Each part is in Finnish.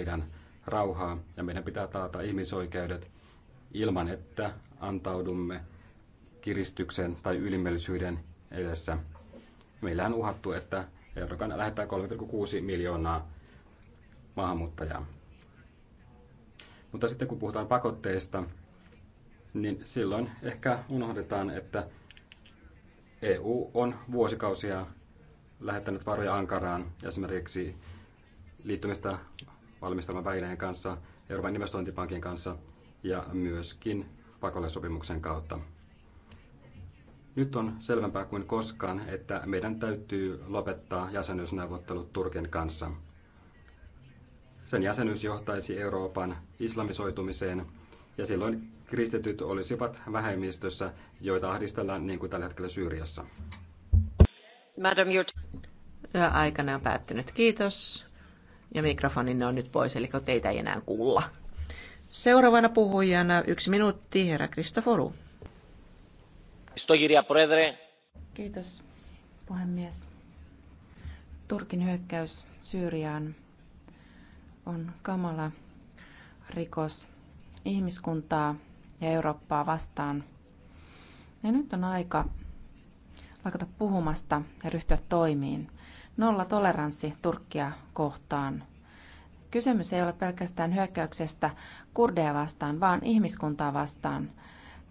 meidän rauhaa ja meidän pitää taata ihmisoikeudet ilman, että antaudumme kiristyksen tai ylimielisyyden edessä. Meillä on uhattu, että Erdogan lähettää 3,6 miljoonaa maahanmuuttajaa. Mutta sitten kun puhutaan pakotteista, niin silloin ehkä unohdetaan, että EU on vuosikausia lähettänyt varoja Ankaraan esimerkiksi liittymistä valmistavan välineen kanssa, Euroopan investointipankin kanssa ja myöskin pakolaisopimuksen kautta. Nyt on selvempää kuin koskaan, että meidän täytyy lopettaa jäsenyysneuvottelut Turkin kanssa. Sen jäsenyys johtaisi Euroopan islamisoitumiseen ja silloin kristityt olisivat vähemmistössä, joita ahdistellaan niin kuin tällä hetkellä Syyriassa. Madam, your... Aikana on päättynyt. Kiitos ja ne on nyt pois, eli teitä ei enää kuulla. Seuraavana puhujana yksi minuutti, herra Kristoforu. Kiitos, puhemies. Turkin hyökkäys Syyriaan on kamala rikos ihmiskuntaa ja Eurooppaa vastaan. Ja nyt on aika lakata puhumasta ja ryhtyä toimiin nolla toleranssi Turkkia kohtaan. Kysymys ei ole pelkästään hyökkäyksestä kurdeja vastaan, vaan ihmiskuntaa vastaan,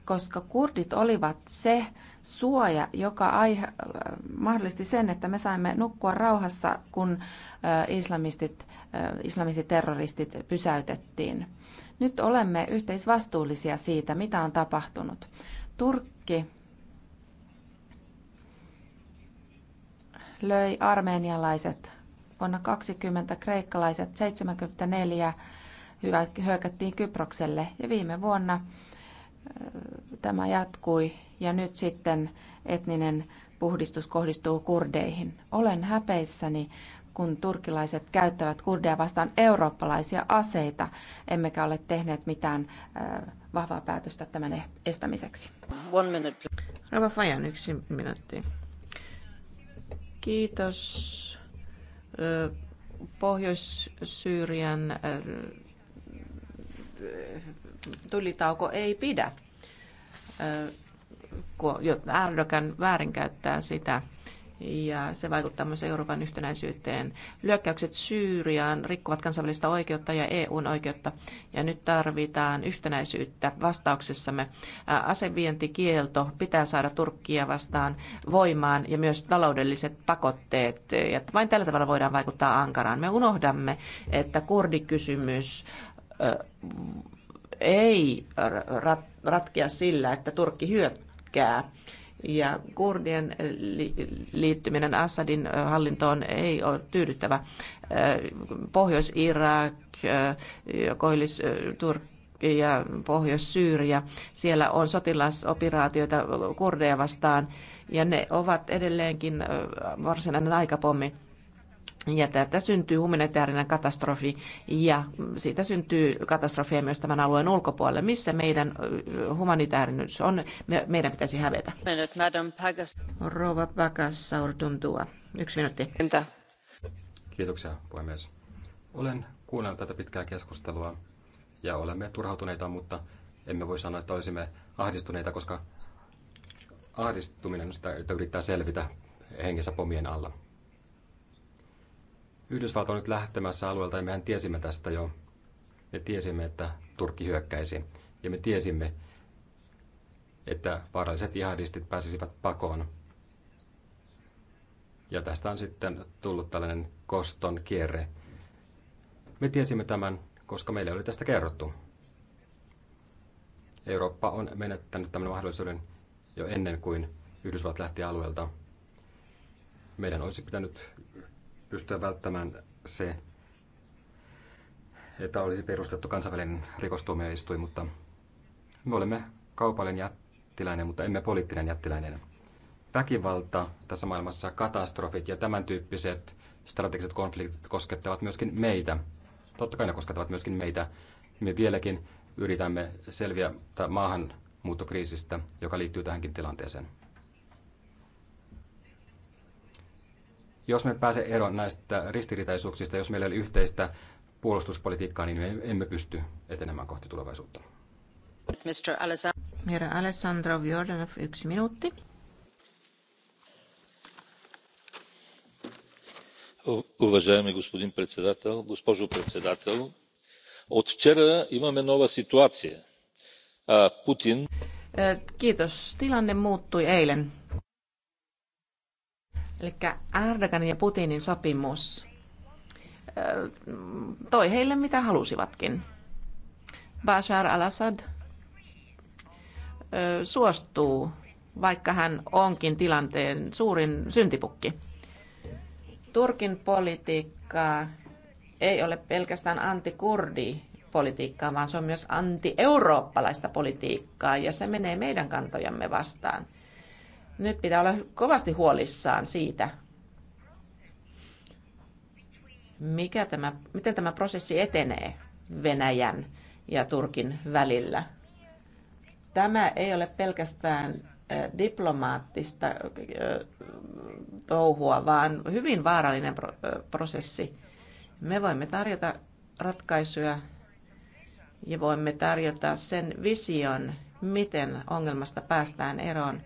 koska kurdit olivat se suoja, joka aihe, mahdollisti sen, että me saimme nukkua rauhassa, kun islamistit, terroristit pysäytettiin. Nyt olemme yhteisvastuullisia siitä, mitä on tapahtunut. Turkki löi armenialaiset. Vuonna 20 kreikkalaiset 74 hyökättiin Kyprokselle ja viime vuonna tämä jatkui ja nyt sitten etninen puhdistus kohdistuu kurdeihin. Olen häpeissäni, kun turkilaiset käyttävät kurdeja vastaan eurooppalaisia aseita, emmekä ole tehneet mitään vahvaa päätöstä tämän estämiseksi. Rova Fajan yksi minuutti. Kiitos Pohjois-Syyrian tulitauko ei pidä, kun Erdogan väärinkäyttää sitä ja se vaikuttaa myös Euroopan yhtenäisyyteen. Lyökkäykset Syyriaan rikkovat kansainvälistä oikeutta ja EUn oikeutta, ja nyt tarvitaan yhtenäisyyttä vastauksessamme. Asevientikielto pitää saada Turkkia vastaan voimaan ja myös taloudelliset pakotteet, ja vain tällä tavalla voidaan vaikuttaa Ankaraan. Me unohdamme, että kurdikysymys ei ratkea sillä, että Turkki hyökkää ja kurdien liittyminen Assadin hallintoon ei ole tyydyttävä. Pohjois-Irak, Koillis-Turkki ja pohjois syyriä siellä on sotilasoperaatioita kurdeja vastaan ja ne ovat edelleenkin varsinainen aikapommi. Ja tätä syntyy humanitaarinen katastrofi ja siitä syntyy katastrofia myös tämän alueen ulkopuolelle, missä meidän humanitaarinen on. Me, meidän pitäisi hävetä. Rova Pakasaur tuntua. Yksi minuutti. Entä? Kiitoksia puhemies. Olen kuunnellut tätä pitkää keskustelua ja olemme turhautuneita, mutta emme voi sanoa, että olisimme ahdistuneita, koska ahdistuminen on sitä, että yrittää selvitä hengessä pomien alla. Yhdysvallat on nyt lähtemässä alueelta ja mehän tiesimme tästä jo. Me tiesimme, että Turkki hyökkäisi ja me tiesimme, että vaaralliset jihadistit pääsisivät pakoon. Ja tästä on sitten tullut tällainen koston kierre. Me tiesimme tämän, koska meille oli tästä kerrottu. Eurooppa on menettänyt tämän mahdollisuuden jo ennen kuin Yhdysvallat lähti alueelta. Meidän olisi pitänyt pystyä välttämään se, että olisi perustettu kansainvälinen rikostuomioistuin, mutta me olemme kaupallinen jättiläinen, mutta emme poliittinen jättiläinen. Väkivalta tässä maailmassa, katastrofit ja tämän tyyppiset strategiset konfliktit koskettavat myöskin meitä. Totta kai ne koskettavat myöskin meitä. Me vieläkin yritämme selviä maahanmuuttokriisistä, joka liittyy tähänkin tilanteeseen. Jos me pääse eroon näistä ristiriitaisuuksista, jos meillä ei ole yhteistä puolustuspolitiikkaa, niin me emme pysty etenemään kohti tulevaisuutta. Mr. Alessandro. Alessandro Vjordanov, yksi minuutti. уважаеми господин председател госпожо председател от вчера имаме нова ситуация. путин. Kiitos. Tilanne muuttui eilen. Eli Erdoganin ja Putinin sopimus toi heille mitä halusivatkin. Bashar al-Assad suostuu, vaikka hän onkin tilanteen suurin syntipukki. Turkin politiikka ei ole pelkästään antikurdi politiikkaa, vaan se on myös anti-eurooppalaista politiikkaa ja se menee meidän kantojamme vastaan – nyt pitää olla kovasti huolissaan siitä, mikä tämä, miten tämä prosessi etenee Venäjän ja Turkin välillä. Tämä ei ole pelkästään eh, diplomaattista eh, touhua, vaan hyvin vaarallinen eh, prosessi. Me voimme tarjota ratkaisuja ja voimme tarjota sen vision, miten ongelmasta päästään eroon –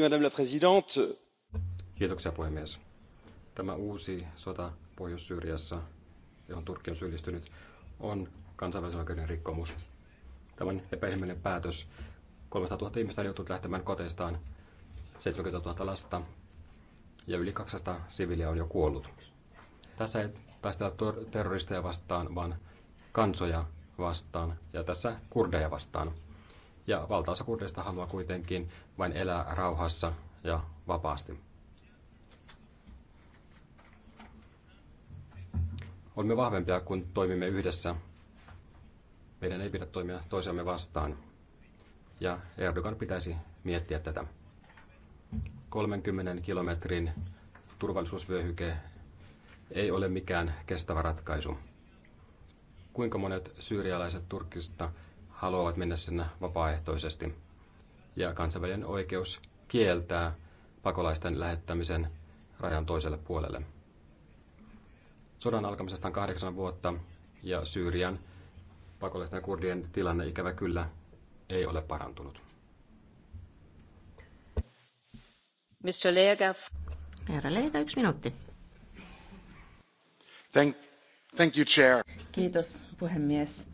madame la présidente tämä uusi sota pohjois syyriassa johon turkki on syyllistynyt on kansainvälisen oikeuden rikkomus. Tämä on epäinhimillinen päätös. 300 000 ihmistä on joutunut lähtemään koteistaan, 70 000 lasta ja yli 200 siviiliä on jo kuollut. Tässä ei taistella terroristeja vastaan, vaan kansoja vastaan ja tässä kurdeja vastaan. Ja valtaosa kurdeista haluaa kuitenkin vain elää rauhassa ja vapaasti. Olemme vahvempia, kun toimimme yhdessä. Meidän ei pidä toimia toisiamme vastaan. Ja Erdogan pitäisi miettiä tätä. 30 kilometrin turvallisuusvyöhyke ei ole mikään kestävä ratkaisu kuinka monet syyrialaiset Turkista haluavat mennä sinne vapaaehtoisesti. Ja kansainvälinen oikeus kieltää pakolaisten lähettämisen rajan toiselle puolelle. Sodan alkamisesta on kahdeksan vuotta ja Syyrian pakolaisten ja kurdien tilanne ikävä kyllä ei ole parantunut. Mr. Lega. Herra Lega, yksi minuutti. Thank, Thank you, chair. Kiitos puhemies.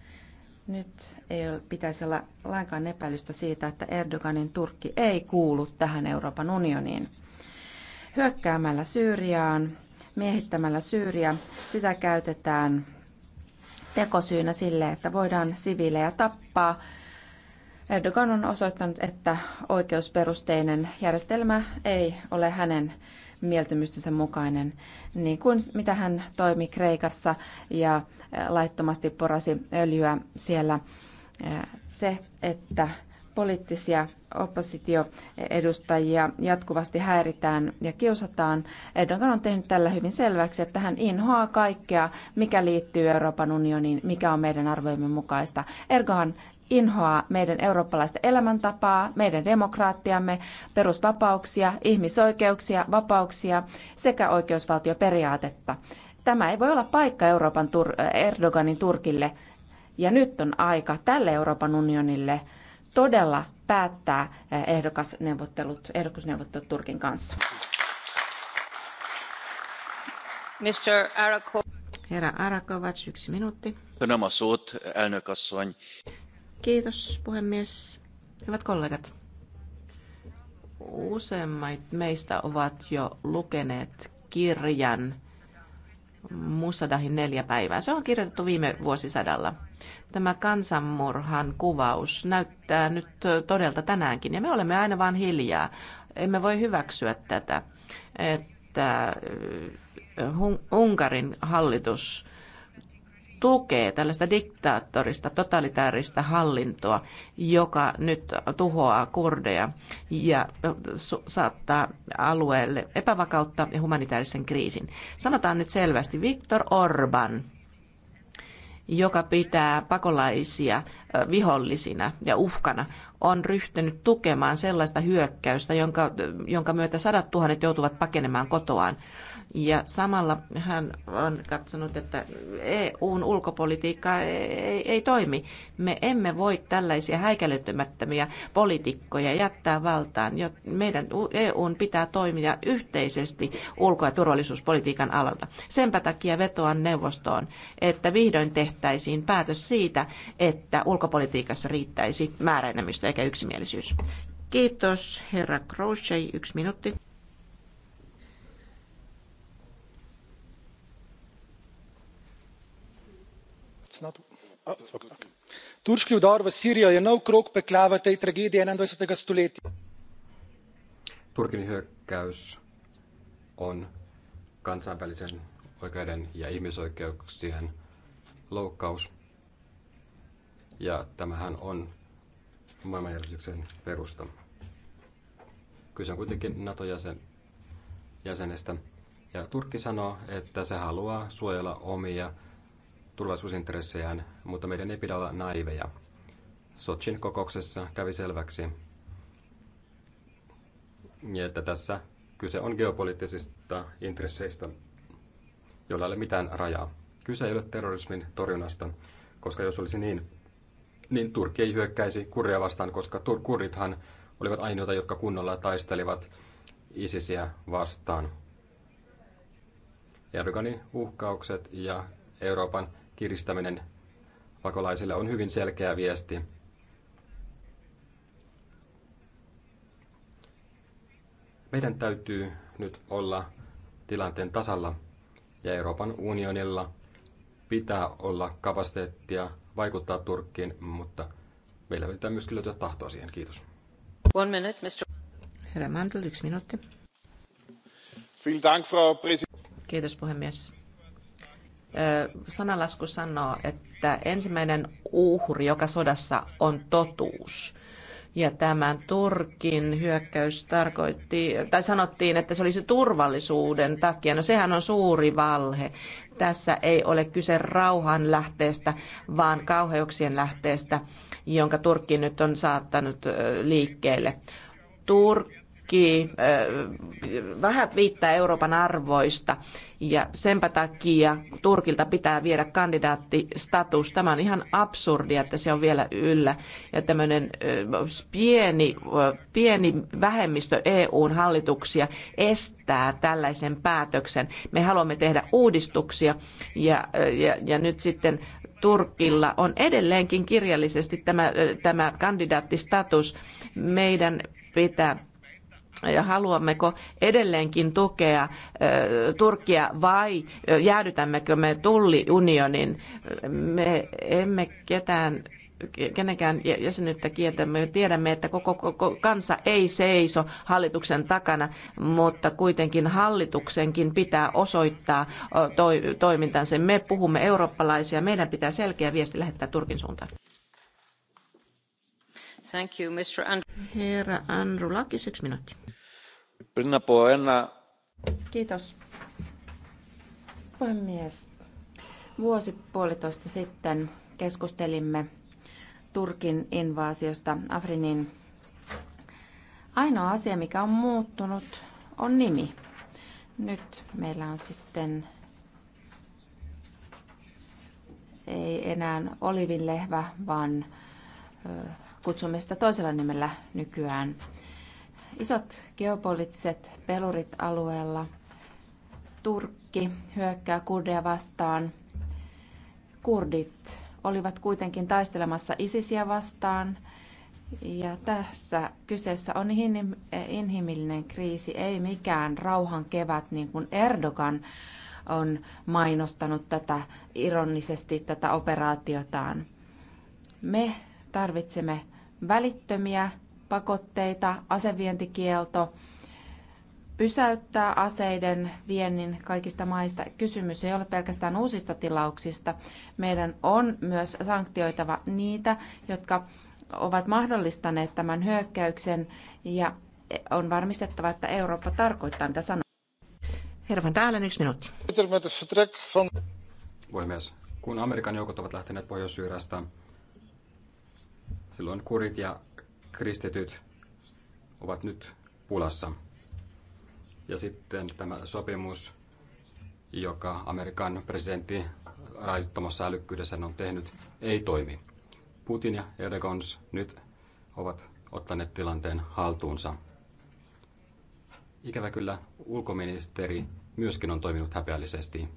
Nyt ei ole, pitäisi olla lainkaan epäilystä siitä, että Erdoganin Turkki ei kuulu tähän Euroopan unioniin. Hyökkäämällä Syyriaan, miehittämällä Syyria, sitä käytetään tekosyynä sille, että voidaan siviilejä tappaa. Erdogan on osoittanut, että oikeusperusteinen järjestelmä ei ole hänen mieltymystensä mukainen, niin kuin mitä hän toimi Kreikassa ja laittomasti porasi öljyä siellä. Se, että poliittisia oppositioedustajia jatkuvasti häiritään ja kiusataan. Erdogan on tehnyt tällä hyvin selväksi, että hän inhoaa kaikkea, mikä liittyy Euroopan unioniin, mikä on meidän arvojemme mukaista. Erdogan inhoaa meidän eurooppalaista elämäntapaa, meidän demokraattiamme, perusvapauksia, ihmisoikeuksia, vapauksia sekä oikeusvaltioperiaatetta. Tämä ei voi olla paikka Euroopan Tur- Erdoganin Turkille. Ja nyt on aika tälle Euroopan unionille todella päättää eh, ehdokasneuvottelut, ehdokasneuvottelut Turkin kanssa. Mr. Arako. Herra Arakovac, yksi minuutti. Köszönöm Kiitos puhemies. Hyvät kollegat. Useimmat meistä ovat jo lukeneet kirjan Musadahin neljä päivää. Se on kirjoitettu viime vuosisadalla. Tämä kansanmurhan kuvaus näyttää nyt todelta tänäänkin, ja me olemme aina vain hiljaa. Emme voi hyväksyä tätä, että äh, Unkarin hallitus tukee tällaista diktaattorista, totalitaarista hallintoa, joka nyt tuhoaa kurdeja ja saattaa alueelle epävakautta ja humanitaarisen kriisin. Sanotaan nyt selvästi, Viktor Orban joka pitää pakolaisia vihollisina ja uhkana, on ryhtynyt tukemaan sellaista hyökkäystä, jonka, jonka myötä sadat tuhannet joutuvat pakenemaan kotoaan. Ja samalla hän on katsonut, että EUn ulkopolitiikka ei, ei toimi. Me emme voi tällaisia häikäilyttämättömiä poliitikkoja jättää valtaan. Meidän EUn pitää toimia yhteisesti ulko- ja turvallisuuspolitiikan alalta. Senpä takia vetoan neuvostoon, että vihdoin tehtävä tehtäisiin päätös siitä, että ulkopolitiikassa riittäisi määräenemmistö eikä yksimielisyys. Kiitos, herra Crochet. Yksi minuutti. Oh, turški vdor v sirijo je nov krog pekla v tej tragediji enaindvajset stoletja. Turkin hyökkäys on kansainvälisen oikeuden ja ihmisoikeuksien loukkaus. Ja tämähän on maailmanjärjestyksen perusta. Kyse on kuitenkin nato jäsenestä. Ja Turkki sanoo, että se haluaa suojella omia turvallisuusintressejään, mutta meidän ei pidä olla naiveja. Sochin kokouksessa kävi selväksi, että tässä kyse on geopoliittisista intresseistä, joilla ei ole mitään rajaa. Kyse ei ole terrorismin torjunnasta, koska jos olisi niin, niin Turkki ei hyökkäisi kurja vastaan, koska tur- kurithan olivat ainoita, jotka kunnolla taistelivat ISISiä vastaan. Erdoganin uhkaukset ja Euroopan kiristäminen pakolaisille on hyvin selkeä viesti. Meidän täytyy nyt olla tilanteen tasalla ja Euroopan unionilla pitää olla kapasiteettia vaikuttaa Turkkiin, mutta meillä pitää myöskin löytyä tuota tahtoa siihen. Kiitos. One minute, Mr. Herra Mandl, yksi minuutti. Kiitos puhemies. Sanalasku sanoo, että ensimmäinen uhri, joka sodassa on totuus. Ja tämän Turkin hyökkäys tarkoitti, tai sanottiin, että se olisi turvallisuuden takia. No sehän on suuri valhe. Tässä ei ole kyse rauhan lähteestä, vaan kauheuksien lähteestä, jonka Turkki nyt on saattanut liikkeelle. Turkki kaikki äh, vähät viittää Euroopan arvoista ja senpä takia Turkilta pitää viedä kandidaattistatus. Tämä on ihan absurdia, että se on vielä yllä. Ja tämmöinen äh, pieni, äh, pieni vähemmistö EUn hallituksia estää tällaisen päätöksen. Me haluamme tehdä uudistuksia ja, ja, ja nyt sitten Turkilla on edelleenkin kirjallisesti tämä, tämä kandidaattistatus. Meidän pitää ja haluammeko edelleenkin tukea Turkkia vai jäädytämmekö me tulliunionin. Me emme ketään kenenkään jäsenyyttä kieltä. Me tiedämme, että koko, koko kansa ei seiso hallituksen takana, mutta kuitenkin hallituksenkin pitää osoittaa toi, toimintansa. Me puhumme eurooppalaisia, meidän pitää selkeä viesti lähettää Turkin suuntaan arvoisa Puhemies, vuosi puolitoista sitten keskustelimme Turkin invaasiosta Afrinin. Ainoa asia, mikä on muuttunut, on nimi. Nyt meillä on sitten ei enää olivinlehvä, vaan kutsumme sitä toisella nimellä nykyään. Isot geopoliittiset pelurit alueella. Turkki hyökkää kurdeja vastaan. Kurdit olivat kuitenkin taistelemassa ISISiä vastaan. Ja tässä kyseessä on inhimillinen kriisi, ei mikään rauhan kevät, niin kuin Erdogan on mainostanut tätä ironisesti tätä operaatiotaan. Me tarvitsemme välittömiä pakotteita, asevientikielto, pysäyttää aseiden viennin kaikista maista. Kysymys ei ole pelkästään uusista tilauksista. Meidän on myös sanktioitava niitä, jotka ovat mahdollistaneet tämän hyökkäyksen ja on varmistettava, että Eurooppa tarkoittaa, mitä sanoo. Herra Van Dalen, yksi minuutti. Puhemies, kun Amerikan joukot ovat lähteneet Pohjois-Syyriasta, Silloin kurit ja kristityt ovat nyt pulassa. Ja sitten tämä sopimus, joka Amerikan presidentti rajoittamassa älykkyydessä on tehnyt, ei toimi. Putin ja Erdogan nyt ovat ottaneet tilanteen haltuunsa. Ikävä kyllä ulkoministeri myöskin on toiminut häpeällisesti.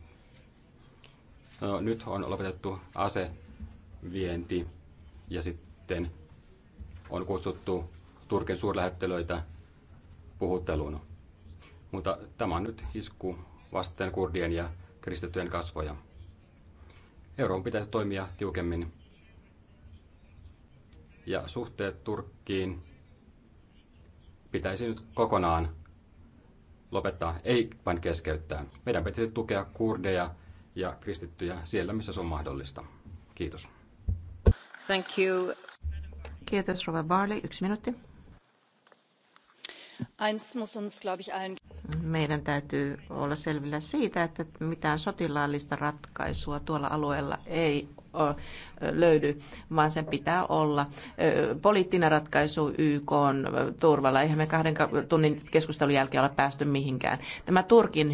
No, nyt on lopetettu asevienti ja sitten sitten on kutsuttu Turkin suurlähettelöitä puhutteluun. Mutta tämä on nyt isku vasten kurdien ja kristittyjen kasvoja. Euroopan pitäisi toimia tiukemmin. Ja suhteet Turkkiin pitäisi nyt kokonaan lopettaa, ei vain keskeyttää. Meidän pitäisi tukea kurdeja ja kristittyjä siellä, missä se on mahdollista. Kiitos. Thank you. Kiitos, Rova Barley. Yksi minuutti. Meidän täytyy olla selvillä siitä, että mitään sotilaallista ratkaisua tuolla alueella ei löydy, vaan sen pitää olla poliittinen ratkaisu YK on turvalla. Eihän me kahden tunnin keskustelun jälkeen ole päästy mihinkään. Tämä Turkin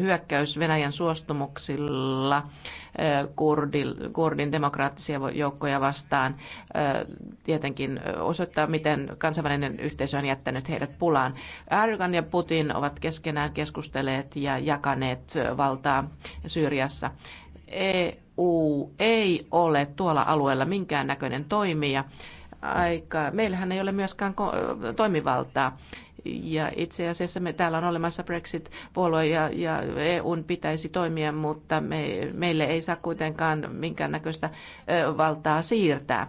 hyökkäys Venäjän suostumuksilla kurdin demokraattisia joukkoja vastaan tietenkin osoittaa, miten kansainvälinen yhteisö on jättänyt heidät pulaan. Erdogan ja Putin ovat keskenään keskustelleet ja jakaneet valtaa Syyriassa. EU ei ole tuolla alueella minkään näköinen toimija. Aika. Meillähän ei ole myöskään toimivaltaa. Ja itse asiassa me täällä on olemassa Brexit-puolue ja, ja EUn pitäisi toimia, mutta me, meille ei saa kuitenkaan minkäännäköistä ö, valtaa siirtää.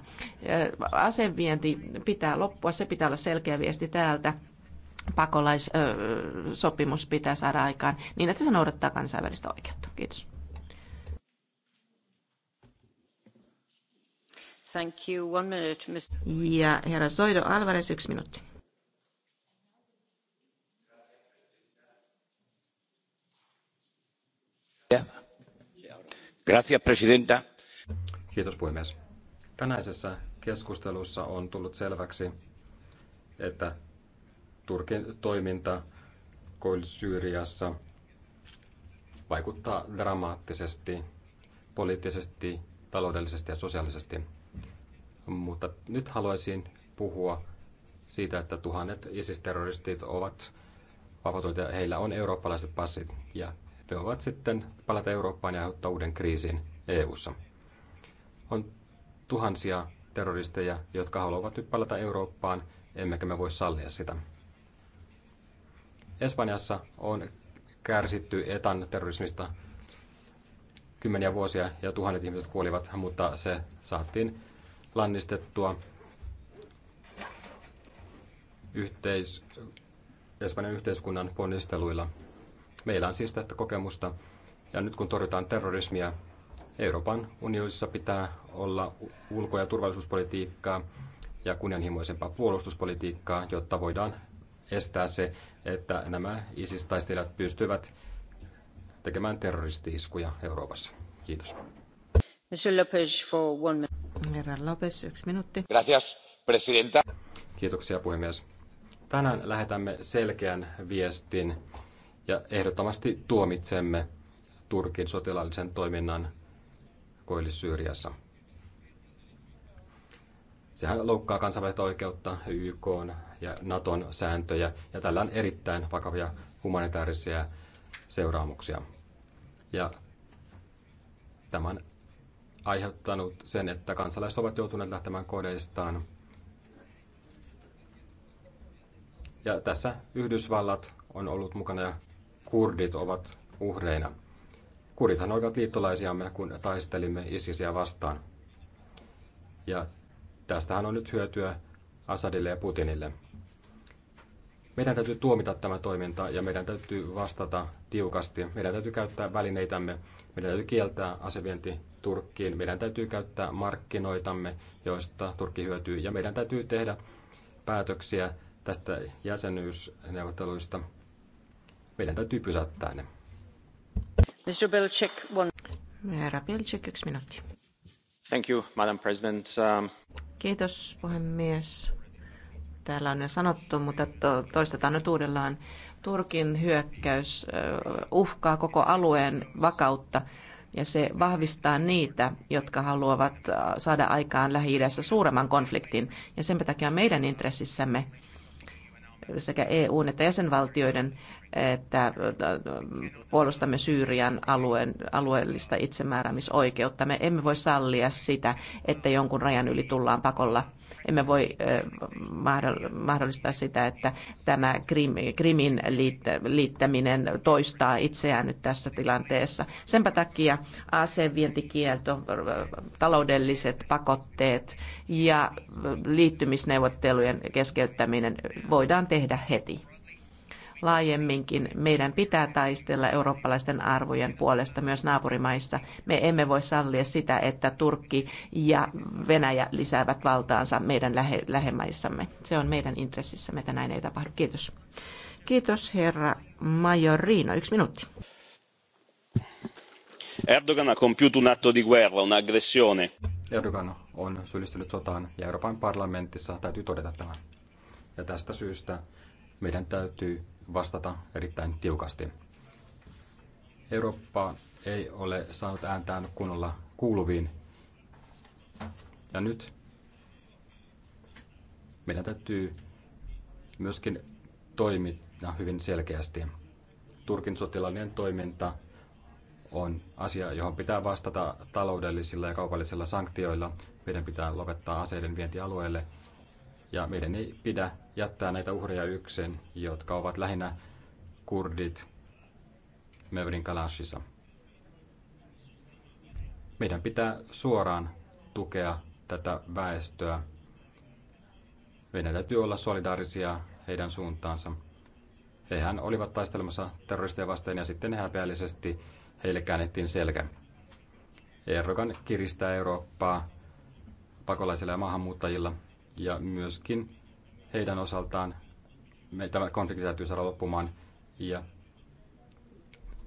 asevienti pitää loppua, se pitää olla selkeä viesti täältä. Pakolaissopimus pitää saada aikaan niin, että se noudattaa kansainvälistä oikeutta. Kiitos. Thank you. One minute, Mr. Ja herra Soido Alvarez, yksi minuutti. Gracias, presidenta. Kiitos puhemies. Tänäisessä keskustelussa on tullut selväksi, että Turkin toiminta Koil-Syyriassa vaikuttaa dramaattisesti poliittisesti, taloudellisesti ja sosiaalisesti mutta nyt haluaisin puhua siitä, että tuhannet ISIS-terroristit ovat ja Heillä on eurooppalaiset passit ja he ovat sitten palata Eurooppaan ja aiheuttaa uuden kriisin EU:ssa. On tuhansia terroristeja, jotka haluavat nyt palata Eurooppaan, emmekä me voi sallia sitä. Espanjassa on kärsitty etan terrorismista kymmeniä vuosia ja tuhannet ihmiset kuolivat, mutta se saatiin lannistettua. Yhteis, Espanjan yhteiskunnan ponnisteluilla. Meillä on siis tästä kokemusta. Ja nyt kun torjutaan terrorismia, Euroopan unionissa pitää olla ulko- ja turvallisuuspolitiikkaa ja kunnianhimoisempaa puolustuspolitiikkaa, jotta voidaan estää se, että nämä ISIS-taistelijat pystyvät tekemään terroristi-iskuja Euroopassa. Kiitos. Monsieur for one minute. Herra Lopes, yksi minuutti. Gracias, presidenta. Kiitoksia, puhemies. Tänään lähetämme selkeän viestin ja ehdottomasti tuomitsemme Turkin sotilaallisen toiminnan Koillis-Syyriassa. Sehän loukkaa kansainvälistä oikeutta, YK ja Naton sääntöjä, ja tällä on erittäin vakavia humanitaarisia seuraamuksia. Ja tämän aiheuttanut sen, että kansalaiset ovat joutuneet lähtemään kodeistaan. Ja tässä Yhdysvallat on ollut mukana ja kurdit ovat uhreina. Kurithan olivat liittolaisiamme, kun taistelimme ISISiä vastaan. Ja tästähän on nyt hyötyä Assadille ja Putinille. Meidän täytyy tuomita tämä toiminta ja meidän täytyy vastata tiukasti. Meidän täytyy käyttää välineitämme. Meidän täytyy kieltää asevienti Turkkiin. Meidän täytyy käyttää markkinoitamme, joista Turkki hyötyy, ja meidän täytyy tehdä päätöksiä tästä jäsenyysneuvotteluista. Meidän täytyy pysäyttää ne. Mr. Bilcik, one. Herra Bilcik, yksi minuutti. Thank you, Madam President. Um... Kiitos, puhemies. Täällä on jo sanottu, mutta toistetaan nyt uudellaan. Turkin hyökkäys uhkaa koko alueen vakautta ja se vahvistaa niitä, jotka haluavat äh, saada aikaan Lähi-idässä suuremman konfliktin. Ja sen takia meidän intressissämme sekä EUn että jäsenvaltioiden että äh, puolustamme Syyrian alueen, alueellista itsemääräämisoikeutta. Me emme voi sallia sitä, että jonkun rajan yli tullaan pakolla. Emme voi äh, mahdollistaa sitä, että tämä Krimin liittäminen toistaa itseään nyt tässä tilanteessa. Senpä takia ASE-vientikielto äh, taloudelliset pakotteet ja liittymisneuvottelujen keskeyttäminen voidaan tehdä heti laajemminkin meidän pitää taistella eurooppalaisten arvojen puolesta myös naapurimaissa. Me emme voi sallia sitä, että Turkki ja Venäjä lisäävät valtaansa meidän lähe- lähemaissamme. Se on meidän intressissämme, että näin ei tapahdu. Kiitos. Kiitos herra Majorino. Yksi minuutti. Erdogan ha compiuto un atto di guerra, un'aggressione. Erdogan on syyllistynyt sotaan ja Euroopan parlamentissa täytyy todeta tämä. Ja tästä syystä meidän täytyy vastata erittäin tiukasti. Eurooppa ei ole saanut ääntään kunnolla kuuluviin. Ja nyt meidän täytyy myöskin toimia hyvin selkeästi. Turkin sotilaallinen toiminta on asia, johon pitää vastata taloudellisilla ja kaupallisilla sanktioilla. Meidän pitää lopettaa aseiden vientialueelle alueelle ja meidän ei pidä jättää näitä uhreja yksin, jotka ovat lähinnä kurdit Mövrin Kalashissa. Meidän pitää suoraan tukea tätä väestöä. Meidän täytyy olla solidaarisia heidän suuntaansa. Hehän olivat taistelemassa terroristeja vastaan ja sitten häpeällisesti heille käännettiin selkä. Erdogan kiristää Eurooppaa pakolaisilla ja maahanmuuttajilla – ja myöskin heidän osaltaan me, tämä konflikti täytyy saada loppumaan ja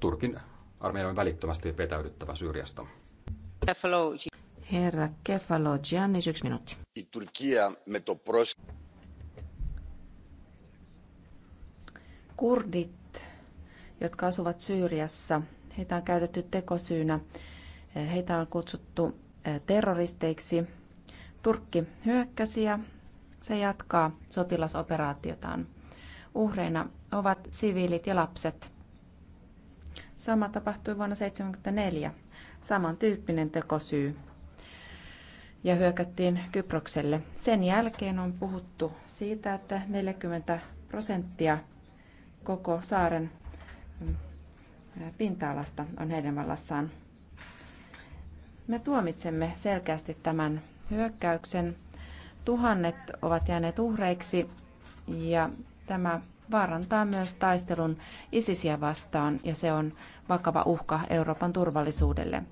Turkin armeijan on välittömästi vetäydyttävä Syyriasta. Herra Kefalo Giannis, yksi minuutti. Turkia me Kurdit, jotka asuvat Syyriassa, heitä on käytetty tekosyynä. Heitä on kutsuttu eh, terroristeiksi Turkki hyökkäsi ja se jatkaa sotilasoperaatiotaan. Uhreina ovat siviilit ja lapset. Sama tapahtui vuonna 1974. Samantyyppinen tekosyy. Ja hyökättiin Kyprokselle. Sen jälkeen on puhuttu siitä, että 40 prosenttia koko saaren mm, pinta-alasta on heidän vallassaan. Me tuomitsemme selkeästi tämän hyökkäyksen. Tuhannet ovat jääneet uhreiksi ja tämä vaarantaa myös taistelun ISISiä vastaan ja se on vakava uhka Euroopan turvallisuudelle.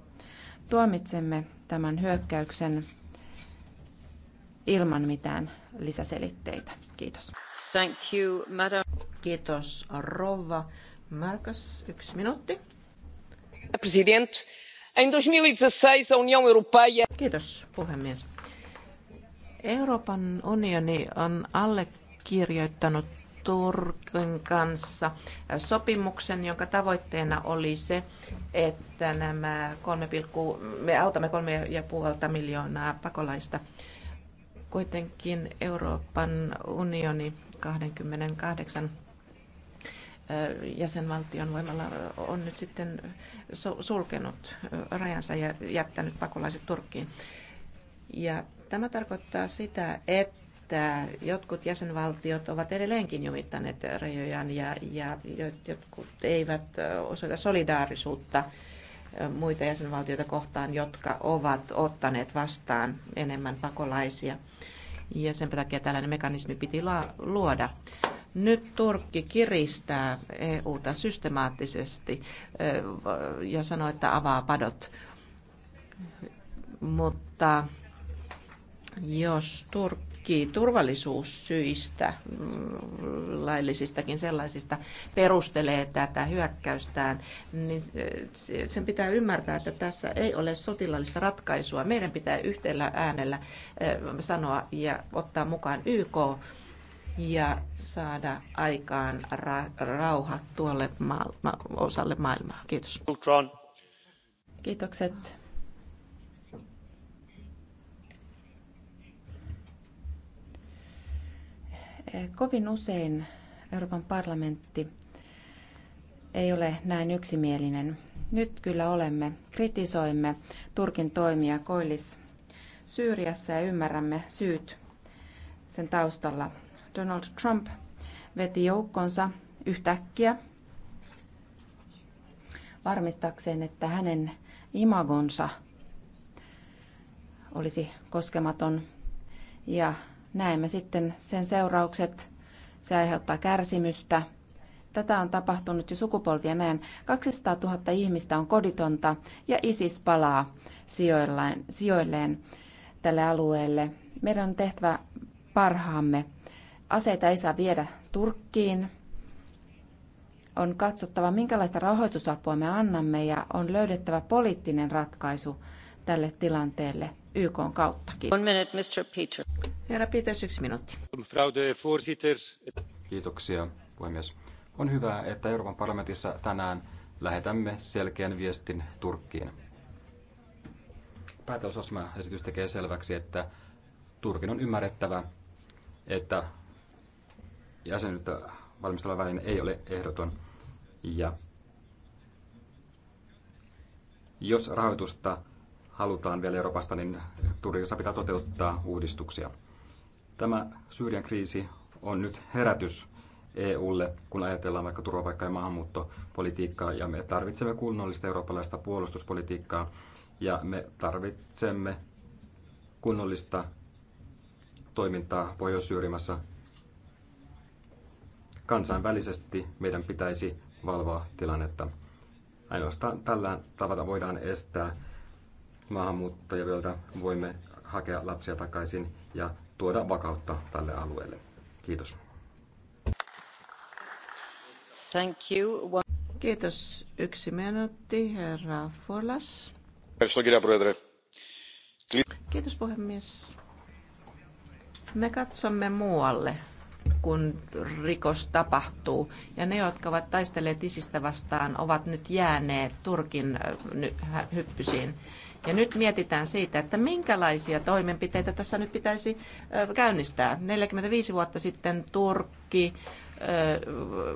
Tuomitsemme tämän hyökkäyksen ilman mitään lisäselitteitä. Kiitos. Thank you, madam. Kiitos, rouva. Markus, yksi minuutti. President. E puhemies. Euroopan unioni on allekirjoittanut Turkin kanssa sopimuksen, jonka tavoitteena oli se, että nämä kolme me autamme puolta miljoonaa pakolaista. Kuitenkin Euroopan unioni 28 jäsenvaltion voimalla on nyt sitten sulkenut rajansa ja jättänyt pakolaiset Turkkiin. Ja tämä tarkoittaa sitä, että jotkut jäsenvaltiot ovat edelleenkin jumittaneet rajojaan ja, ja jotkut eivät osoita solidaarisuutta muita jäsenvaltioita kohtaan, jotka ovat ottaneet vastaan enemmän pakolaisia. Ja sen takia tällainen mekanismi piti luoda. Nyt Turkki kiristää EUta systemaattisesti ja sanoo, että avaa padot. Mutta jos Turkki turvallisuussyistä, mm, laillisistakin sellaisista, perustelee tätä hyökkäystään, niin sen pitää ymmärtää, että tässä ei ole sotilaallista ratkaisua. Meidän pitää yhteellä äänellä sanoa ja ottaa mukaan YK ja saada aikaan ra- rauha tuolle osalle maailmaa. Kiitos. Kiitokset. Kovin usein Euroopan parlamentti ei ole näin yksimielinen. Nyt kyllä olemme. Kritisoimme Turkin toimia koillis Syyriassa ja ymmärrämme syyt sen taustalla. Donald Trump veti joukkonsa yhtäkkiä varmistakseen, että hänen imagonsa olisi koskematon. Ja näemme sitten sen seuraukset. Se aiheuttaa kärsimystä. Tätä on tapahtunut jo sukupolvien ajan. 200 000 ihmistä on koditonta ja ISIS palaa sijoilleen, tälle alueelle. Meidän on tehtävä parhaamme Aseita ei saa viedä Turkkiin. On katsottava, minkälaista rahoitusapua me annamme ja on löydettävä poliittinen ratkaisu tälle tilanteelle YK kautta. One minute, Mr. Peter. Herra Peters, yksi minuutti. Kiitoksia, puhemies. On hyvä, että Euroopan parlamentissa tänään lähetämme selkeän viestin Turkkiin. Päätösosma-esitys tekee selväksi, että Turkin on ymmärrettävä, että jäsenyyttä valmisteleva väline ei ole ehdoton. Ja jos rahoitusta halutaan vielä Euroopasta, niin Turkissa pitää toteuttaa uudistuksia. Tämä Syyrian kriisi on nyt herätys EUlle, kun ajatellaan vaikka turvapaikka- ja maahanmuuttopolitiikkaa, ja me tarvitsemme kunnollista eurooppalaista puolustuspolitiikkaa, ja me tarvitsemme kunnollista toimintaa pohjois kansainvälisesti meidän pitäisi valvoa tilannetta. Ainoastaan tällä tavalla voidaan estää maahanmuuttajia, joilta voimme hakea lapsia takaisin ja tuoda vakautta tälle alueelle. Kiitos. Thank you. Kiitos. Yksi minuutti, herra Forlas. Kiitos puhemies. Me katsomme muualle kun rikos tapahtuu. Ja ne, jotka ovat taistelleet isistä vastaan, ovat nyt jääneet Turkin hyppysiin. Ja nyt mietitään siitä, että minkälaisia toimenpiteitä tässä nyt pitäisi käynnistää. 45 vuotta sitten Turkki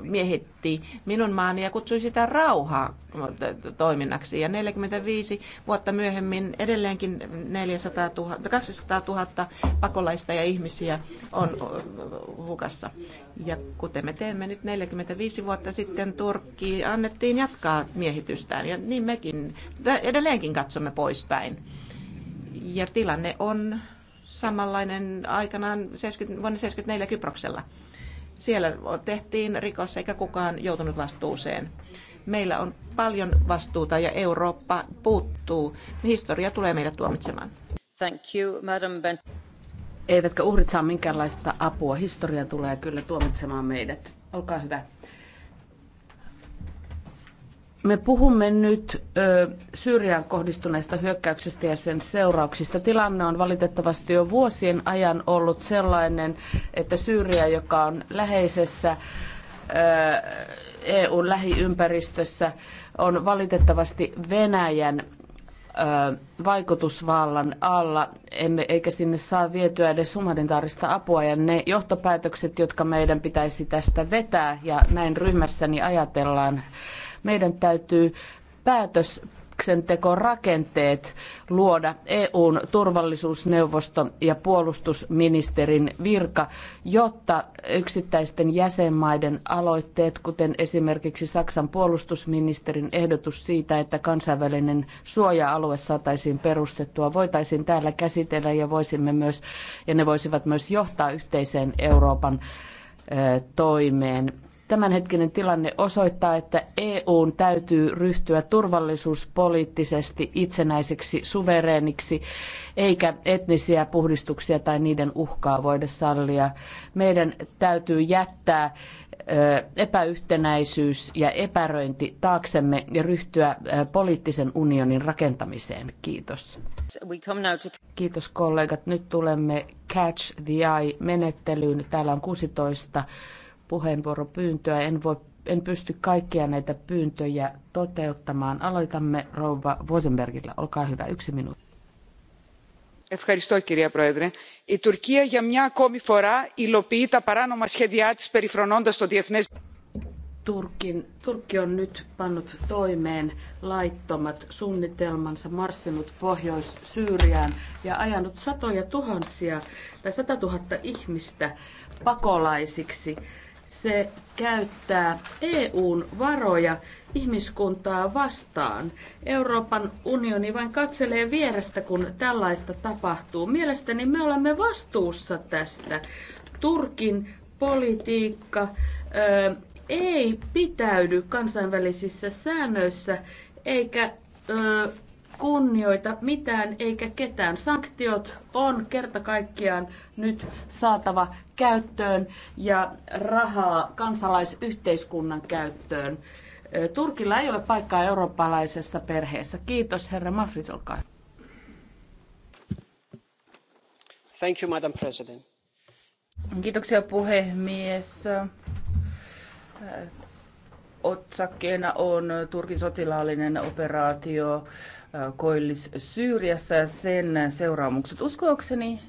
miehitti minun maani ja kutsui sitä rauhaa toiminnaksi. Ja 45 vuotta myöhemmin edelleenkin 400 000, 200 000 pakolaista ja ihmisiä on hukassa. Ja kuten me teemme nyt 45 vuotta sitten, Turkki annettiin jatkaa miehitystään ja niin mekin edelleenkin katsomme poispäin. Ja tilanne on samanlainen aikanaan 70, vuonna 1974 Kyproksella. Siellä tehtiin rikos eikä kukaan joutunut vastuuseen. Meillä on paljon vastuuta ja Eurooppa puuttuu. Historia tulee meidät tuomitsemaan. Thank you, Madam Bent- Eivätkä uhrit saa minkäänlaista apua. Historia tulee kyllä tuomitsemaan meidät. Olkaa hyvä. Me puhumme nyt ö, Syyriaan kohdistuneesta hyökkäyksestä ja sen seurauksista. Tilanne on valitettavasti jo vuosien ajan ollut sellainen, että Syyria, joka on läheisessä ö, EUn lähiympäristössä, on valitettavasti Venäjän ö, vaikutusvallan alla, emme, eikä sinne saa vietyä edes humanitaarista apua. Ja ne johtopäätökset, jotka meidän pitäisi tästä vetää, ja näin ryhmässäni ajatellaan, meidän täytyy päätös rakenteet luoda EUn turvallisuusneuvosto ja puolustusministerin virka, jotta yksittäisten jäsenmaiden aloitteet, kuten esimerkiksi Saksan puolustusministerin ehdotus siitä, että kansainvälinen suoja-alue saataisiin perustettua, voitaisiin täällä käsitellä ja voisimme myös, ja ne voisivat myös johtaa yhteiseen Euroopan toimeen. Tämänhetkinen tilanne osoittaa, että EUn täytyy ryhtyä turvallisuuspoliittisesti itsenäiseksi suvereeniksi, eikä etnisiä puhdistuksia tai niiden uhkaa voida sallia. Meidän täytyy jättää epäyhtenäisyys ja epäröinti taaksemme ja ryhtyä poliittisen unionin rakentamiseen. Kiitos. Kiitos kollegat. Nyt tulemme Catch the Eye-menettelyyn. Täällä on 16 puheenvuoropyyntöä. En, voi, en pysty kaikkia näitä pyyntöjä toteuttamaan. Aloitamme rouva Vosenbergillä. Olkaa hyvä, yksi minuutti. Ευχαριστώ κυρία Πρόεδρε. Η Τουρκία για μια ακόμη φορά υλοποιεί τα παράνομα σχέδιά της περιφρονώντας το διεθνές... Turkin, Turkki on nyt pannut toimeen laittomat suunnitelmansa, marssinut pohjois syyriään ja ajanut satoja tuhansia tai satatuhatta ihmistä pakolaisiksi se käyttää EUn varoja ihmiskuntaa vastaan. Euroopan unioni vain katselee vierestä, kun tällaista tapahtuu. Mielestäni me olemme vastuussa tästä. Turkin politiikka ö, ei pitäydy kansainvälisissä säännöissä eikä ö, kunnioita mitään eikä ketään. Sanktiot on kerta kaikkiaan nyt saatava käyttöön ja rahaa kansalaisyhteiskunnan käyttöön. Turkilla ei ole paikkaa eurooppalaisessa perheessä. Kiitos, herra Mafrit, olkaa Thank you, Madam President. Kiitoksia puhemies. Otsakkeena on Turkin sotilaallinen operaatio Koillis-Syyriassa ja sen seuraamukset. Uskoakseni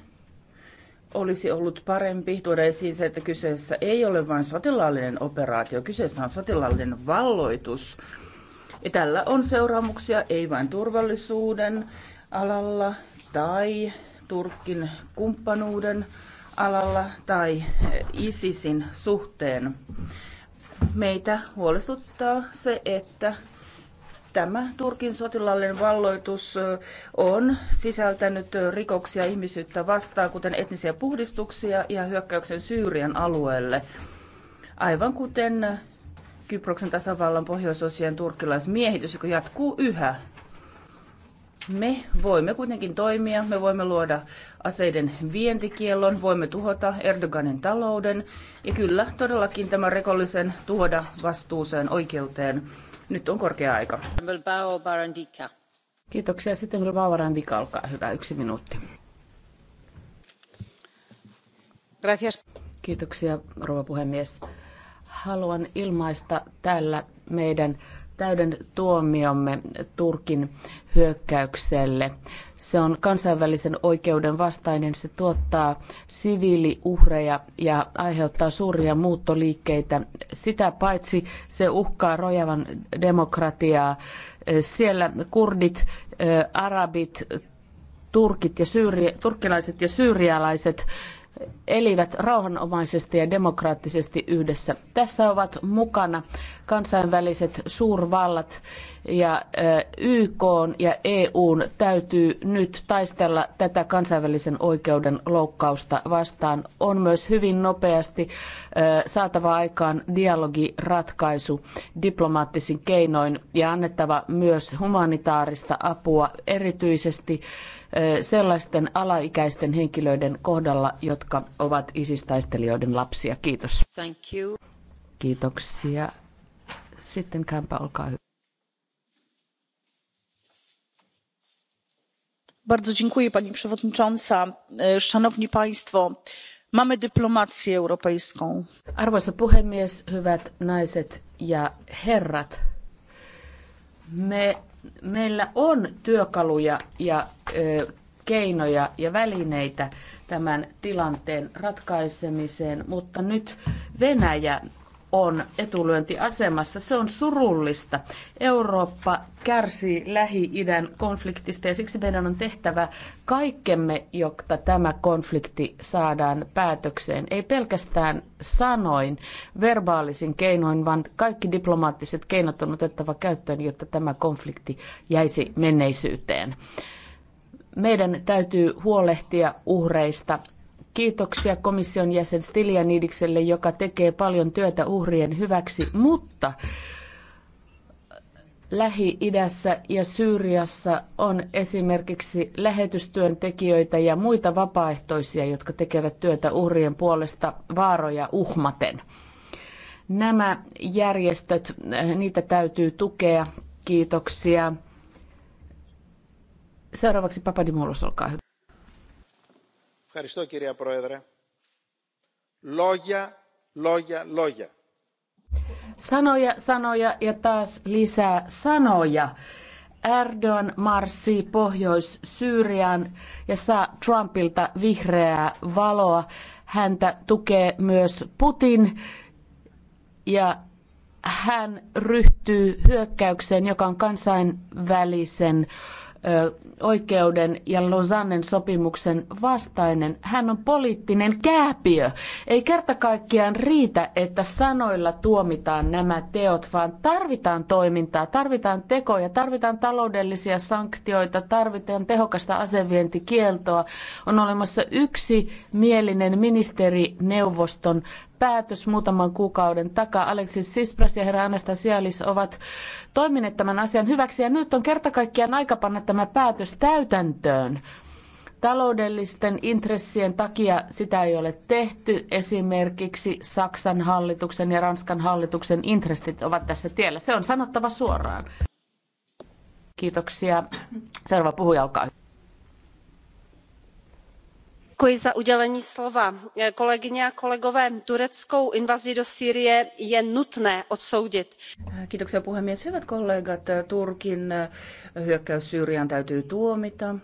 olisi ollut parempi tuoda esiin se, että kyseessä ei ole vain sotilaallinen operaatio, kyseessä on sotilaallinen valloitus. Ja tällä on seuraamuksia ei vain turvallisuuden alalla tai Turkin kumppanuuden alalla tai ISISin suhteen. Meitä huolestuttaa se, että tämä Turkin sotilaallinen valloitus on sisältänyt rikoksia ihmisyyttä vastaan, kuten etnisiä puhdistuksia ja hyökkäyksen Syyrian alueelle. Aivan kuten Kyproksen tasavallan pohjoisosien turkkilaismiehitys, joka jatkuu yhä. Me voimme kuitenkin toimia, me voimme luoda aseiden vientikiellon, voimme tuhota Erdoganin talouden ja kyllä todellakin tämä rikollisen tuoda vastuuseen oikeuteen. Nyt on korkea aika. Kiitoksia. Sitten Bilbao Barandika, olkaa hyvä. Yksi minuutti. Gracias. Kiitoksia, rouva puhemies. Haluan ilmaista täällä meidän täyden tuomiomme Turkin hyökkäykselle. Se on kansainvälisen oikeuden vastainen, se tuottaa siviiliuhreja ja aiheuttaa suuria muuttoliikkeitä. Sitä paitsi se uhkaa rojavan demokratiaa. Siellä kurdit, arabit, turkit ja syyri, turkkilaiset ja syyrialaiset elivät rauhanomaisesti ja demokraattisesti yhdessä. Tässä ovat mukana kansainväliset suurvallat ja YK ja EUn täytyy nyt taistella tätä kansainvälisen oikeuden loukkausta vastaan. On myös hyvin nopeasti saatava aikaan dialogiratkaisu diplomaattisin keinoin ja annettava myös humanitaarista apua erityisesti sellaisten alaikäisten henkilöiden kohdalla, jotka ovat isistaistelijoiden lapsia. Kiitos. Thank you. Kiitoksia. Sitten kämpä, olkaa hyvä. Bardzo dziękuję pani przewodnicząca. E, szanowni państwo, mamy dyplomację europejską. Arvoisa puhemies, hyvät naiset ja herrat. Me meillä on työkaluja ja ö, keinoja ja välineitä tämän tilanteen ratkaisemiseen, mutta nyt Venäjä on etulyöntiasemassa. Se on surullista. Eurooppa kärsii Lähi-idän konfliktista ja siksi meidän on tehtävä kaikkemme, jotta tämä konflikti saadaan päätökseen. Ei pelkästään sanoin, verbaalisin keinoin, vaan kaikki diplomaattiset keinot on otettava käyttöön, jotta tämä konflikti jäisi menneisyyteen. Meidän täytyy huolehtia uhreista Kiitoksia komission jäsen Stiljanidikselle, joka tekee paljon työtä uhrien hyväksi, mutta Lähi-idässä ja Syyriassa on esimerkiksi lähetystyöntekijöitä ja muita vapaaehtoisia, jotka tekevät työtä uhrien puolesta vaaroja uhmaten. Nämä järjestöt, niitä täytyy tukea. Kiitoksia. Seuraavaksi Papadimoulos, olkaa hyvä λόγια λόγια sanoja sanoja ja taas lisää sanoja. Erdogan marssi Pohjois-Syyriaan ja saa Trumpilta vihreää valoa. Häntä tukee myös Putin ja hän ryhtyy hyökkäykseen, joka on kansainvälisen oikeuden ja Lausannen sopimuksen vastainen. Hän on poliittinen kääpiö. Ei kerta kaikkiaan riitä, että sanoilla tuomitaan nämä teot, vaan tarvitaan toimintaa, tarvitaan tekoja, tarvitaan taloudellisia sanktioita, tarvitaan tehokasta asevientikieltoa. On olemassa yksi mielinen ministerineuvoston päätös muutaman kuukauden takaa. Alexis Sispras ja herra Anastasialis ovat toimineet tämän asian hyväksi ja nyt on kerta kaikkiaan aika panna tämä päätös täytäntöön. Taloudellisten intressien takia sitä ei ole tehty. Esimerkiksi Saksan hallituksen ja Ranskan hallituksen intressit ovat tässä tiellä. Se on sanottava suoraan. Kiitoksia. Seuraava puhuja, olkaa hyvä paní předsedající tureckou invazi do sýrie je nutné odsoudit. kiitoksia puhemies hyvät kollegat turkin hyökkäys syyriaan täytyy tuomita.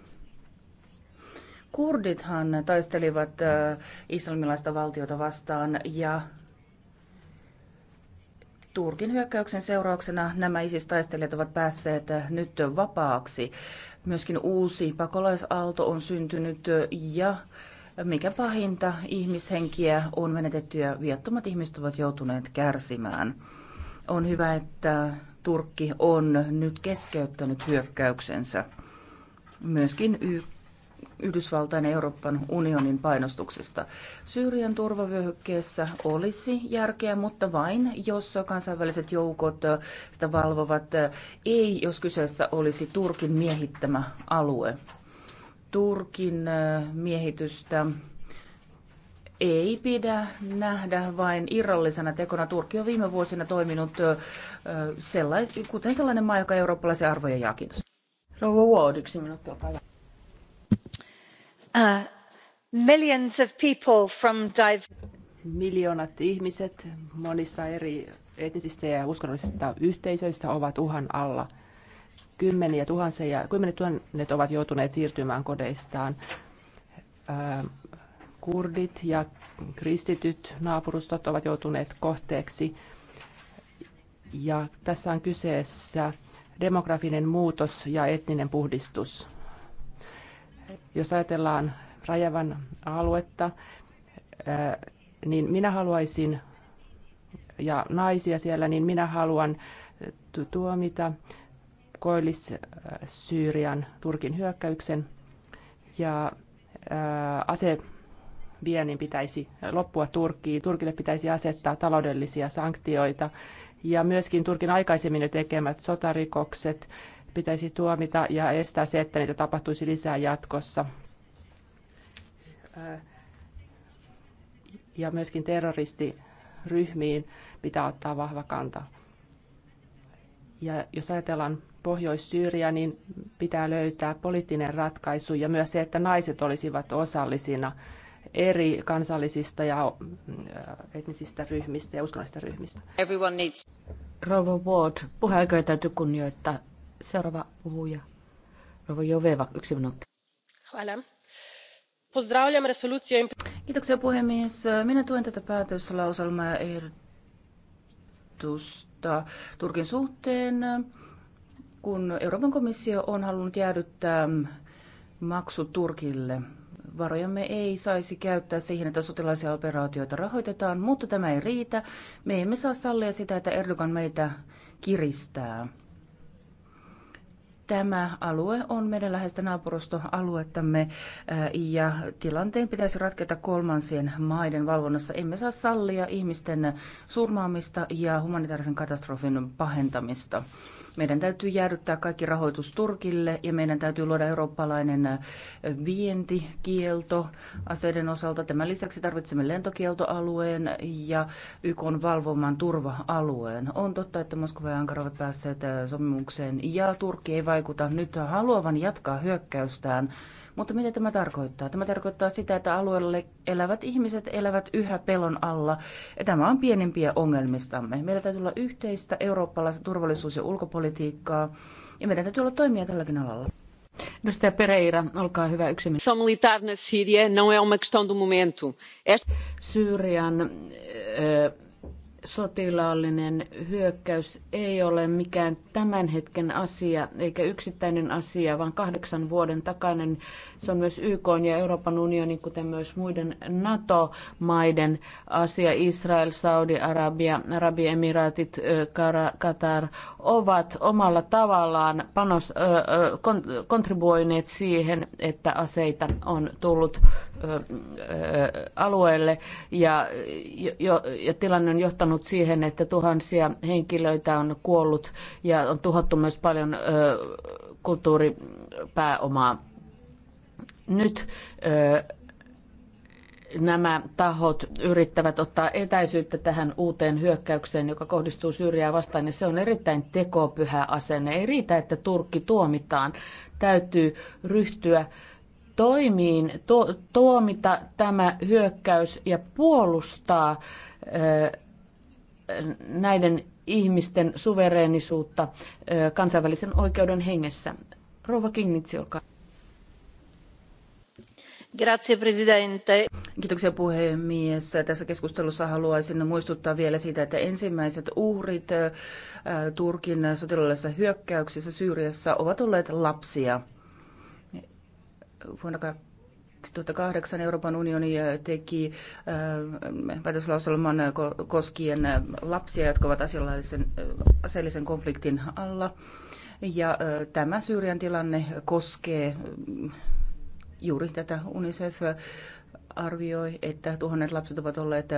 kurdithan taistelivat äh, islamilaista valtiota vastaan ja Turkin hyökkäyksen seurauksena nämä ISIS-taistelijat ovat päässeet nyt vapaaksi. Myöskin uusi pakolaisaalto on syntynyt ja mikä pahinta, ihmishenkiä on menetetty ja viattomat ihmiset ovat joutuneet kärsimään. On hyvä, että Turkki on nyt keskeyttänyt hyökkäyksensä. Myöskin YK Yhdysvaltain ja Euroopan unionin painostuksesta. Syyrian turvavyöhykkeessä olisi järkeä, mutta vain jos kansainväliset joukot sitä valvovat, ei jos kyseessä olisi Turkin miehittämä alue. Turkin miehitystä ei pidä nähdä vain irrallisena tekona. Turkki on viime vuosina toiminut sellais, kuten sellainen maa, joka eurooppalaisia arvoja jaa. Kiitos. Rouva Ward, yksi minuutti, olkaa hyvä. Uh, Miljoonat ihmiset monista eri etnisistä ja uskonnollisista yhteisöistä ovat uhan alla. Kymmeniä tuhansia, kymmenet tuhannet ovat joutuneet siirtymään kodeistaan. Uh, kurdit ja kristityt naapurustot ovat joutuneet kohteeksi. Ja tässä on kyseessä demografinen muutos ja etninen puhdistus. Jos ajatellaan rajavan aluetta, niin minä haluaisin, ja naisia siellä, niin minä haluan tuomita Koillis-Syyrian Turkin hyökkäyksen ja aseviennin pitäisi loppua Turkkiin. Turkille pitäisi asettaa taloudellisia sanktioita ja myöskin Turkin aikaisemmin jo tekemät sotarikokset pitäisi tuomita ja estää se, että niitä tapahtuisi lisää jatkossa. Ja myöskin terroristiryhmiin pitää ottaa vahva kanta. Ja jos ajatellaan Pohjois-Syyriä, niin pitää löytää poliittinen ratkaisu ja myös se, että naiset olisivat osallisina eri kansallisista ja etnisistä ryhmistä ja uskonnollisista ryhmistä. Everyone needs... Rouva Ward, puheenjohtaja täytyy kunnioittaa. Seuraava puhuja. Rova Joveva, yksi minuutti. Hvala. Pozdravljam resoluutio. Kiitoksia puhemies. Minä tuen tätä päätöslauselmaa ehdotusta Turkin suhteen, kun Euroopan komissio on halunnut jäädyttää maksu Turkille. Varojamme ei saisi käyttää siihen, että sotilaisia operaatioita rahoitetaan, mutta tämä ei riitä. Me emme saa sallia sitä, että Erdogan meitä kiristää. Tämä alue on meidän läheistä naapurustoaluettamme äh, ja tilanteen pitäisi ratketa kolmansien maiden valvonnassa. Emme saa sallia ihmisten surmaamista ja humanitaarisen katastrofin pahentamista. Meidän täytyy jäädyttää kaikki rahoitus Turkille ja meidän täytyy luoda eurooppalainen vientikielto aseiden osalta. Tämän lisäksi tarvitsemme lentokieltoalueen ja YK valvoman turva-alueen. On totta, että Moskova ja Ankara ovat päässeet sopimukseen ja Turkki ei vaikuta nyt haluavan jatkaa hyökkäystään mutta mitä tämä tarkoittaa? Tämä tarkoittaa sitä, että alueelle elävät ihmiset elävät yhä pelon alla. Ja tämä on pienimpiä ongelmistamme. Meillä täytyy olla yhteistä eurooppalaista turvallisuus- ja ulkopolitiikkaa, ja meidän täytyy olla toimia tälläkin alalla. Edustaja Pereira, olkaa hyvä yksimielinen. Syyrian militar eh, sotilaallinen hyökkäys ei ole mikään tämän hetken asia eikä yksittäinen asia, vaan kahdeksan vuoden takainen. Se on myös YK ja Euroopan unionin, kuten myös muiden NATO-maiden asia. Israel, Saudi-Arabia, Arabiemiraatit, Katar ovat omalla tavallaan panos, kontribuoineet siihen, että aseita on tullut alueelle ja, jo, ja tilanne on johtanut siihen, että tuhansia henkilöitä on kuollut ja on tuhottu myös paljon kulttuuripääomaa. Nyt nämä tahot yrittävät ottaa etäisyyttä tähän uuteen hyökkäykseen, joka kohdistuu Syyriaa vastaan, ja se on erittäin tekopyhä asenne. Ei riitä, että Turkki tuomitaan. Täytyy ryhtyä ö, toimiin to, tuomita tämä hyökkäys ja puolustaa ö, näiden ihmisten suvereenisuutta ö, kansainvälisen oikeuden hengessä. Rouva Kignitsi, olkaa Grazie, presidente. Kiitoksia puhemies. Tässä keskustelussa haluaisin muistuttaa vielä siitä, että ensimmäiset uhrit Turkin sotilaallisessa hyökkäyksessä Syyriassa ovat olleet lapsia vuonna 2008 Euroopan unioni äh, teki äh, päätöslauselman äh, koskien lapsia, jotka ovat aseellisen konfliktin alla. Ja tämä Syyrian tilanne koskee juuri tätä UNICEF arvioi, että tuhannet lapset ovat olleet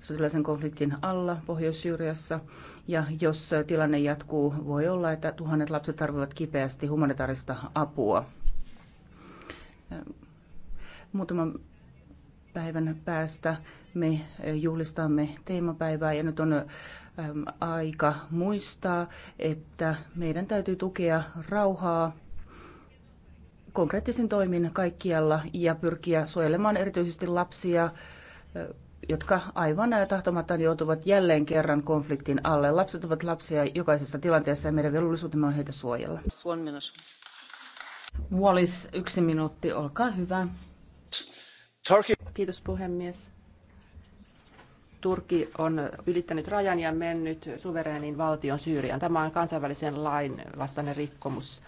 sotilaisen konfliktin alla Pohjois-Syyriassa. Ja jos tilanne jatkuu, voi olla, että tuhannet lapset tarvitsevat kipeästi humanitaarista apua. Muutaman päivän päästä me juhlistamme teemapäivää ja nyt on aika muistaa, että meidän täytyy tukea rauhaa konkreettisin toimin kaikkialla ja pyrkiä suojelemaan erityisesti lapsia, jotka aivan tahtomatta joutuvat jälleen kerran konfliktin alle. Lapset ovat lapsia jokaisessa tilanteessa ja meidän velvollisuutemme on heitä suojella. Wallis, yksi minuutti, olkaa hyvä. Turkey. Kiitos puhemies. Turkki on ylittänyt rajan ja mennyt suvereenin valtion Syyrian. Tämä on kansainvälisen lain vastainen rikkomus.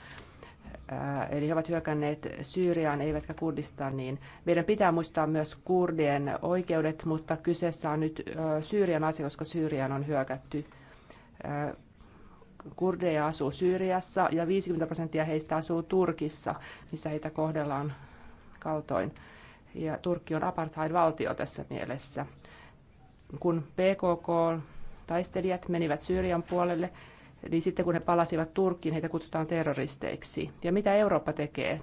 Äh, eli he ovat hyökänneet Syyriaan eivätkä Kurdistaniin. Meidän pitää muistaa myös kurdien oikeudet, mutta kyseessä on nyt äh, Syyrian asia, koska Syyrian on hyökätty äh, kurdeja asuu Syyriassa ja 50 prosenttia heistä asuu Turkissa, missä heitä kohdellaan kaltoin. Ja Turkki on apartheid-valtio tässä mielessä. Kun PKK-taistelijat menivät Syyrian puolelle, niin sitten kun he palasivat Turkkiin, heitä kutsutaan terroristeiksi. Ja mitä Eurooppa tekee?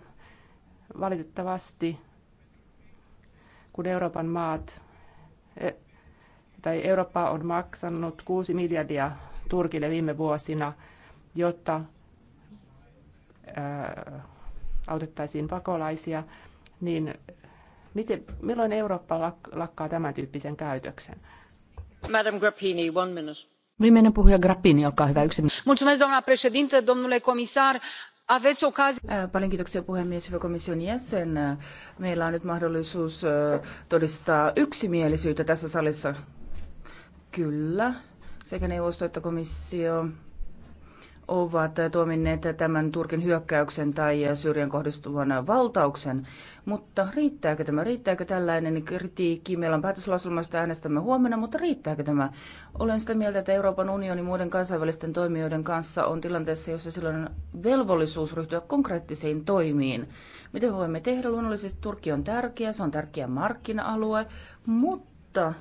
Valitettavasti, kun Euroopan maat, eh, tai Eurooppa on maksanut 6 miljardia Turkille viime vuosina, jotta autettaisiin pakolaisia, niin miten, milloin Eurooppa lakkaa tämän tyyppisen käytöksen? Madam Grappini, one minute. Viimeinen puhuja Grappini, olkaa hyvä. Yksi. Mulțumesc, doamna președinte, domnule comisar. Aveți ocazie... Paljon kiitoksia puhemies ja komission jäsen. Meillä on nyt mahdollisuus todistaa yksimielisyyttä tässä salissa. Kyllä sekä neuvosto että komissio ovat tuominneet tämän Turkin hyökkäyksen tai Syyrian kohdistuvan valtauksen. Mutta riittääkö tämä? Riittääkö tällainen kritiikki? Meillä on päätöslauselmasta äänestämme huomenna, mutta riittääkö tämä? Olen sitä mieltä, että Euroopan unioni muiden kansainvälisten toimijoiden kanssa on tilanteessa, jossa silloin on velvollisuus ryhtyä konkreettisiin toimiin. Mitä me voimme tehdä? Luonnollisesti Turkki on tärkeä, se on tärkeä markkina-alue, mutta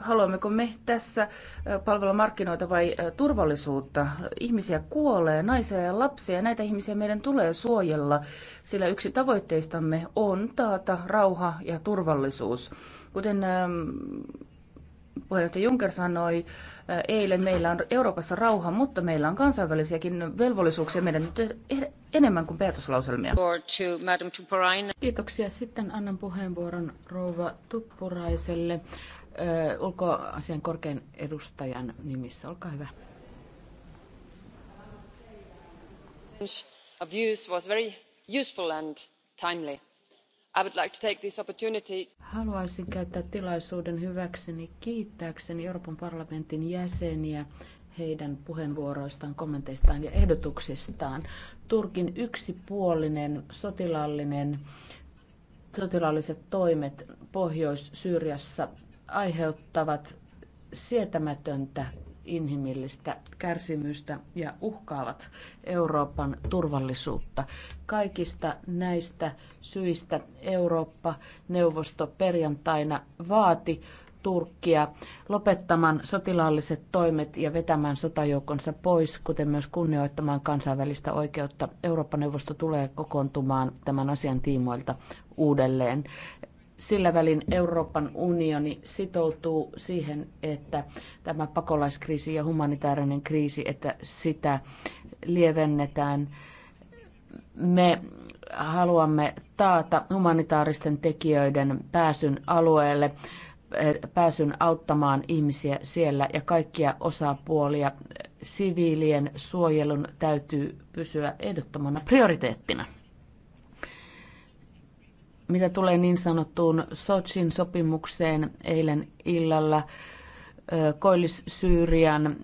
haluammeko me tässä palvella markkinoita vai turvallisuutta? Ihmisiä kuolee, naisia ja lapsia, ja näitä ihmisiä meidän tulee suojella, sillä yksi tavoitteistamme on taata rauha ja turvallisuus. Kuten puheenjohtaja Juncker sanoi, eilen meillä on Euroopassa rauha, mutta meillä on kansainvälisiäkin velvollisuuksia. Meidän nyt e-, enemmän kuin päätöslauselmia. Kiitoksia. Sitten annan puheenvuoron rouva Tuppuraiselle ulkoasian korkean edustajan nimissä. Olkaa hyvä. Haluaisin käyttää tilaisuuden hyväkseni kiittääkseni Euroopan parlamentin jäseniä heidän puheenvuoroistaan, kommenteistaan ja ehdotuksistaan. Turkin yksipuolinen sotilaallinen sotilaalliset toimet Pohjois-Syyriassa aiheuttavat sietämätöntä inhimillistä kärsimystä ja uhkaavat Euroopan turvallisuutta. Kaikista näistä syistä Eurooppa-neuvosto perjantaina vaati Turkkia lopettamaan sotilaalliset toimet ja vetämään sotajoukonsa pois, kuten myös kunnioittamaan kansainvälistä oikeutta. Eurooppa-neuvosto tulee kokoontumaan tämän asian tiimoilta uudelleen sillä välin Euroopan unioni sitoutuu siihen, että tämä pakolaiskriisi ja humanitaarinen kriisi, että sitä lievennetään. Me haluamme taata humanitaaristen tekijöiden pääsyn alueelle, eh, pääsyn auttamaan ihmisiä siellä ja kaikkia osapuolia. Siviilien suojelun täytyy pysyä ehdottomana prioriteettina mitä tulee niin sanottuun Sochin sopimukseen eilen illalla, Koillis-Syyrian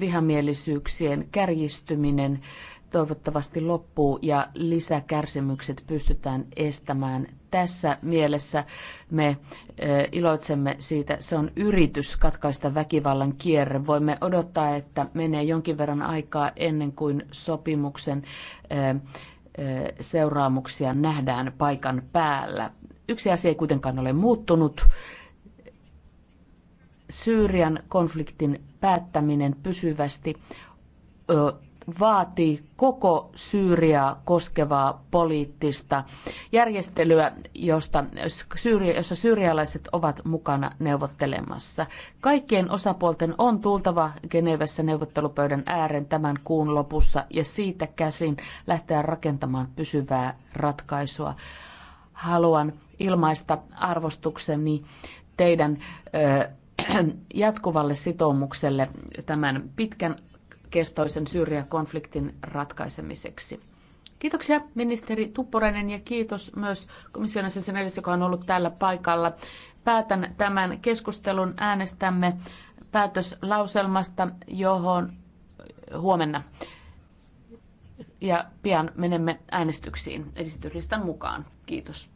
vihamielisyyksien kärjistyminen toivottavasti loppuu ja lisäkärsimykset pystytään estämään. Tässä mielessä me iloitsemme siitä, se on yritys katkaista väkivallan kierre. Voimme odottaa, että menee jonkin verran aikaa ennen kuin sopimuksen seuraamuksia nähdään paikan päällä. Yksi asia ei kuitenkaan ole muuttunut. Syyrian konfliktin päättäminen pysyvästi vaati koko Syyriaa koskevaa poliittista järjestelyä, josta Syyri, jossa syyrialaiset ovat mukana neuvottelemassa. Kaikkien osapuolten on tultava Genevessä neuvottelupöydän ääreen tämän kuun lopussa ja siitä käsin lähteä rakentamaan pysyvää ratkaisua. Haluan ilmaista arvostukseni teidän jatkuvalle sitoumukselle tämän pitkän pitkäkestoisen syrjäkonfliktin ratkaisemiseksi. Kiitoksia ministeri Tupporainen ja kiitos myös komission jäsenestä, joka on ollut täällä paikalla. Päätän tämän keskustelun. Äänestämme päätöslauselmasta, johon huomenna. Ja pian menemme äänestyksiin esityslistan mukaan. Kiitos.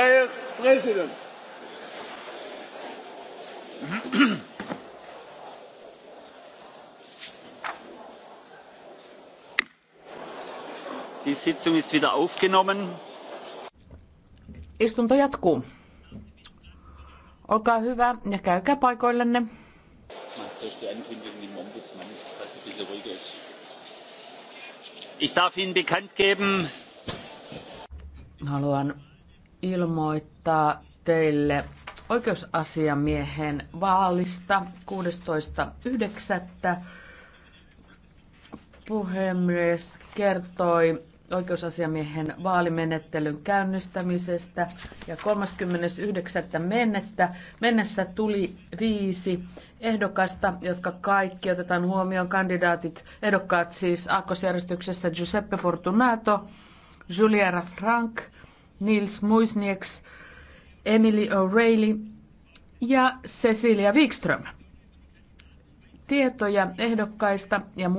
Dear President. Die Sitzung ist wieder aufgenommen. Istunto jatkuu. Olkaa hyvä ja käykää paikoillenne. Ich darf Ihnen bekannt geben, Haluan ilmoittaa teille oikeusasiamiehen vaalista 16.9. Puhemies kertoi oikeusasiamiehen vaalimenettelyn käynnistämisestä ja 39. mennessä tuli viisi ehdokasta, jotka kaikki otetaan huomioon kandidaatit, ehdokkaat siis aakkosjärjestyksessä Giuseppe Fortunato, Juliana Frank, Nils Muisnieks, Emily O'Reilly ja Cecilia Wikström. Tietoja ehdokkaista ja